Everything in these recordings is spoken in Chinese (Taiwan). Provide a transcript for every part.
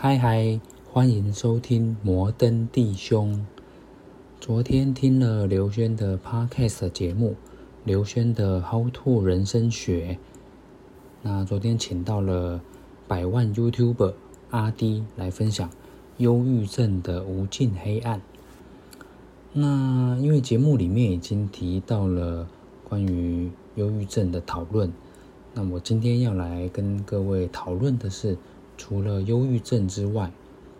嗨嗨，歡迎收聽摩登弟兄。昨天聽了劉軒的 Podcast 節目《劉軒的 How to 人生學》，那昨天請到了百萬 YouTuber 阿滴來分享憂鬱症的無盡黑暗。那因為節目裡面已經提到了關於憂鬱症的討論，那我今天要來跟各位討論的是，除了憂鬱症之外，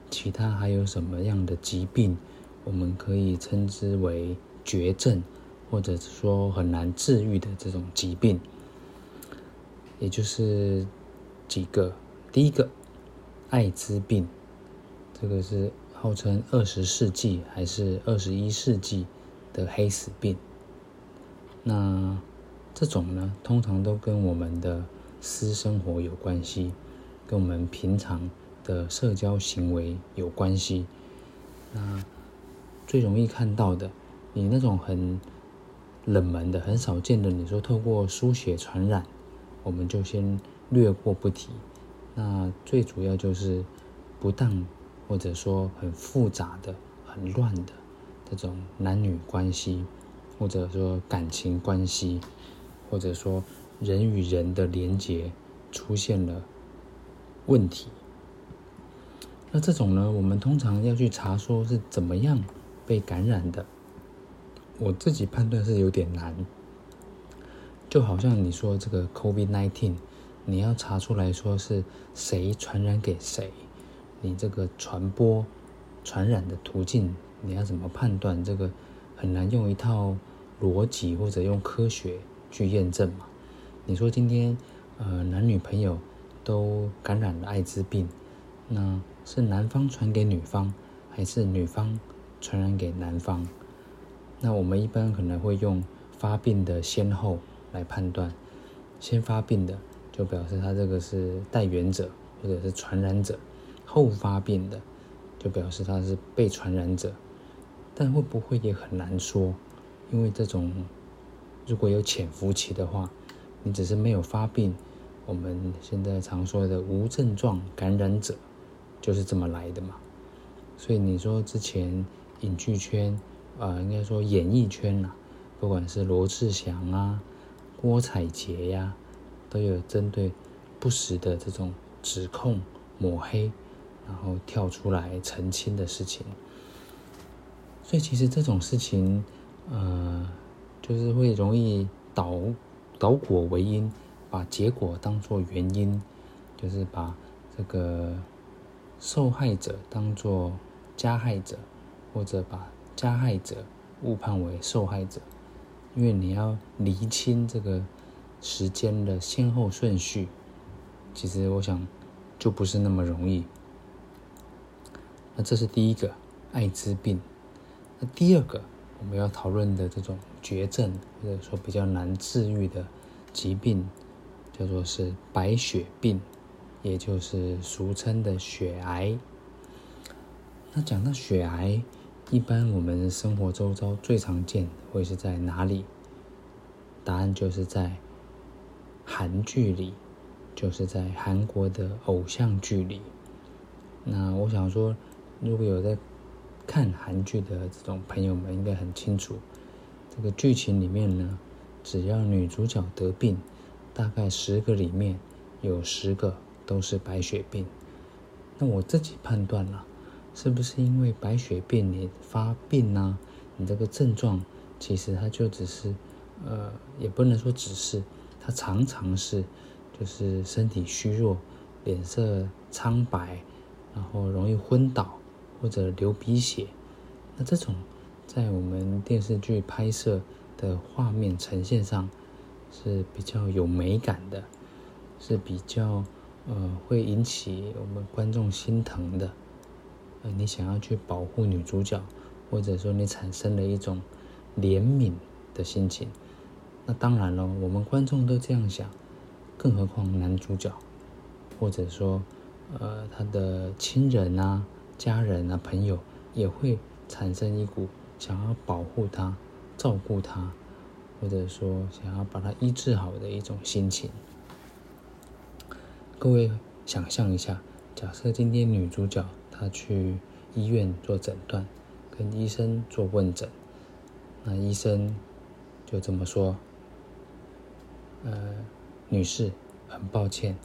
其他還有什麼樣的疾病？我們可以稱之為絕症，或者說很難治癒的這種疾病。也就是幾個，第一個，艾滋病，這個是號稱二十世紀還是二十一世紀的黑死病。那這種呢，通常都跟我們的私生活有關係。跟我們平常的社交行為有關係。那最容易看到的，你那種很冷門的、很少見的，你說透過輸血傳染，我們就先略過不提。那最主要就是不當，或者說很複雜的、很亂的這種男女關係，或者說感情關係，或者說人與人的連結出現了問題，那這種呢，我們通常要去查說是怎麼樣被感染的，我自己判斷是有點難。就好像你說這個 COVID-19，你要查出來說是誰傳染給誰，你這個傳播傳染的途徑，你要怎麼判斷這個，很難用一套邏輯或者用科學去驗證嘛。你說今天呃男女朋友。都感染了艾滋病，那是男方傳給女方，還是女方傳染給男方？那我們一般可能會用發病的先後來判斷，先發病的就表示他這個是帶源者，或者是傳染者；後發病的就表示他是被傳染者。但會不會也很難說？因為這種如果有潛伏期的話，你只是沒有發病。我們現在常說的無症狀感染者，就是這麼來的嘛。所以你說之前影劇圈，呃，應該說演藝圈吶、啊，不管是羅志祥啊、郭采潔呀，都有針對不實的這種指控、抹黑，然後跳出來澄清的事情。所以其實這種事情，呃，就是會容易倒倒果為因。把結果當作原因，就是把這個受害者當作加害者，或者把加害者誤判為受害者。因為你要釐清這個時間的先後順序，其實我想就不是那麼容易。那這是第一個，艾滋病。那第二個我們要討論的這種絕症，或者說比較難治愈的疾病，叫做是白血病，也就是俗稱的血癌。那講到血癌，一般我們生活周遭最常見會是在哪裡？答案就是在韓劇裡，就是在韓國的偶像劇裡。那我想說，如果有在看韓劇的這種朋友們，應該很清楚，這個劇情裡面呢，只要女主角得病，大概十個裡面，有十個都是白血病。那我自己判斷了，是不是因為白血病你發病呢？你這個症狀，其實它就只是，呃，也不能說只是，它常常是，就是身體虛弱，臉色蒼白，然後容易昏倒或者流鼻血。那這種，在我們電視劇拍攝的畫面呈現上。是比較有美感的，是比較呃會引起我們觀眾心疼的，呃，你想要去保護女主角，或者說你產生了一種憐憫的心情，那當然了，我們觀眾都這樣想，更何況男主角，或者說呃他的親人啊、家人啊、朋友也會產生一股想要保護他、照顧他。或者說，想要把它醫治好的一種心情。各位想象一下，假設今天女主角她去醫院做診斷，跟醫生做問診，那醫生就這麼說：“呃，女士，很抱歉，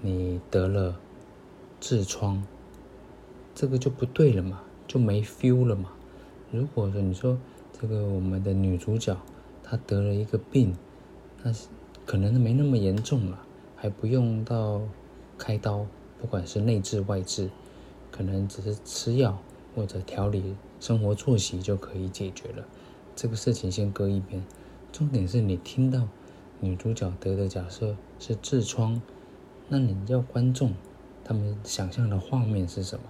你得了痔瘡。”這個就不對了嘛，就沒 feel 了嘛。如果說你說這個我們的女主角，他得了一個病，那可能沒那麼嚴重了，還不用到開刀，不管是內痔外痔，可能只是吃藥或者調理生活作息就可以解決了。這個事情先擱一邊。重點是你聽到女主角得的假設是痔瘡，那你要觀眾，他們想象的畫面是什麼？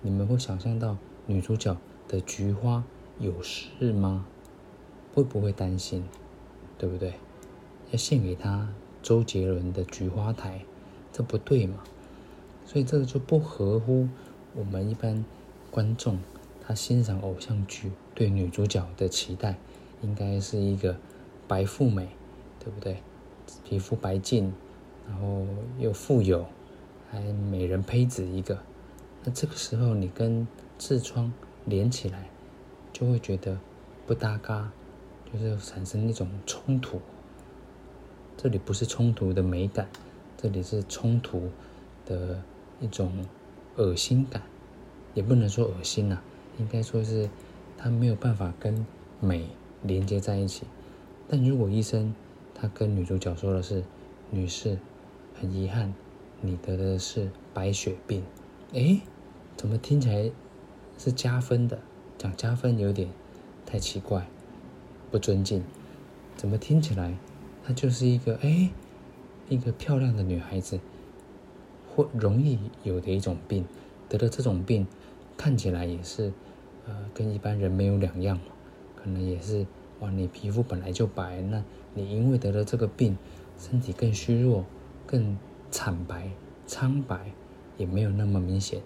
你們會想象到女主角的菊花有事嗎？會不會擔心？對不對？要獻給他周杰倫的《菊花台》，這不對嘛？所以這個就不合乎我們一般觀眾他欣賞偶像劇對女主角的期待，應該是一個白富美，對不對？皮膚白淨，然後又富有，還美人胚子一個。那這個時候你跟痔瘡連起來，就會覺得不搭嘎。就是產生一種衝突，這裡不是衝突的美感，這裡是衝突的一種噁心感，也不能說噁心吶、啊，應該說是它沒有辦法跟美連接在一起。但如果醫生他跟女主角說的是：“女士，很遺憾，你得的是白血病。”欸哎，怎麼聽起來是加分的？講加分有點太奇怪。不尊敬，怎麼聽起來，她就是一個哎，一個漂亮的女孩子，或容易有的一種病，得了這種病，看起來也是，呃，跟一般人沒有兩樣，可能也是，哇，你皮膚本來就白，那你因為得了這個病，身體更虛弱，更慘白、蒼白，也沒有那麼明顯，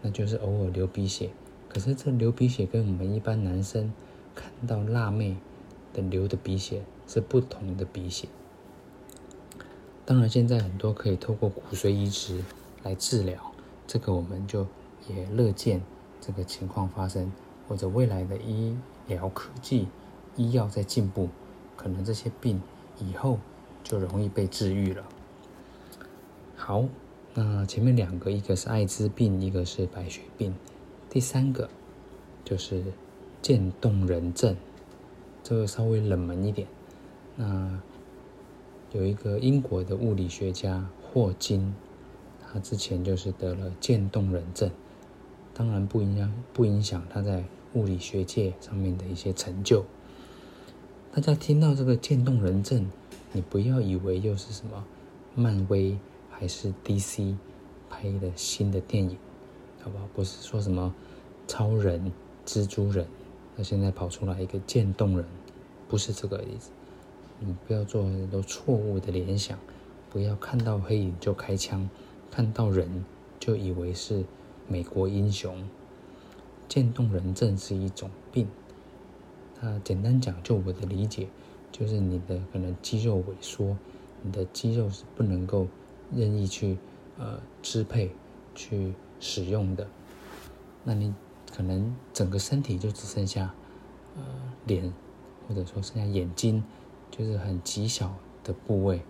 那就是偶爾流鼻血，可是這流鼻血跟我們一般男生看到辣妹，流的鼻血是不同的鼻血。當然，現在很多可以透過骨髓移植來治療，這個我們就也樂見這個情況發生，或者未來的醫療科技、醫藥在進步，可能這些病以後就容易被治癒了。好，那前面兩個，一個是艾滋病，一個是白血病，第三個就是漸凍人症。這個稍微冷門一點，那有一個英國的物理學家霍金，他之前就是得了漸凍人症，當然不影響不影響他在物理學界上面的一些成就。大家聽到這個漸凍人症，你不要以為又是什麼漫威還是 DC 拍的新的電影，好不好？不是說什麼超人、蜘蛛人。他現在跑出來一個漸凍人，不是這個意思。你不要做很多錯誤的聯想，不要看到黑影就開槍，看到人就以為是美國英雄。漸凍人症是一種病。它簡單講，就我的理解，就是你的可能肌肉萎縮，你的肌肉是不能夠任意去呃支配去使用的。那你，可能整個身體就只剩下，呃，臉，或者說剩下眼睛，就是很極小的部位，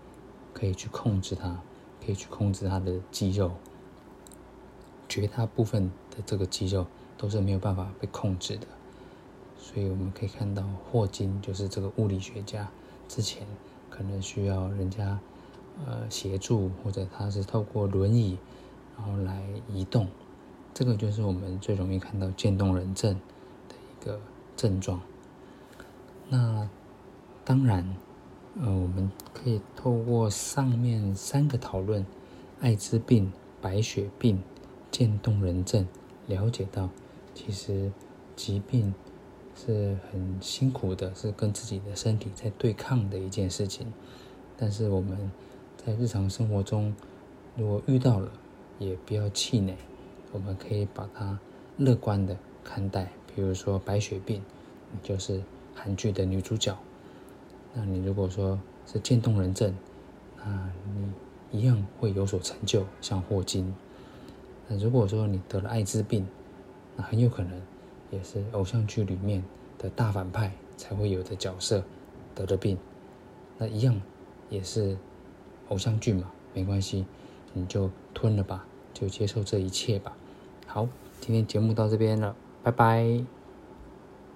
可以去控制它，可以去控制它的肌肉。絕大部分的這個肌肉都是沒有辦法被控制的，所以我們可以看到，霍金就是這個物理學家，之前可能需要人家呃協助，或者他是透過輪椅，然後來移動。這個就是我們最容易看到漸凍人症的一個症狀。那當然，呃，我們可以透過上面三個討論——艾滋病、白血病、漸凍人症，了解到其實疾病是很辛苦的，是跟自己的身體在對抗的一件事情。但是我們在日常生活中如果遇到了，也不要氣餒。我們可以把它樂觀地看待，比如說白血病，你就是韓劇的女主角；那你如果說是漸凍人症，那你一樣會有所成就，像霍金。那如果說你得了艾滋病，那很有可能也是偶像劇裡面的大反派才會有的角色得的病，那一樣也是偶像劇嘛，沒關係，你就吞了吧，就接受這一切吧。好，今天節目到這邊了，拜拜。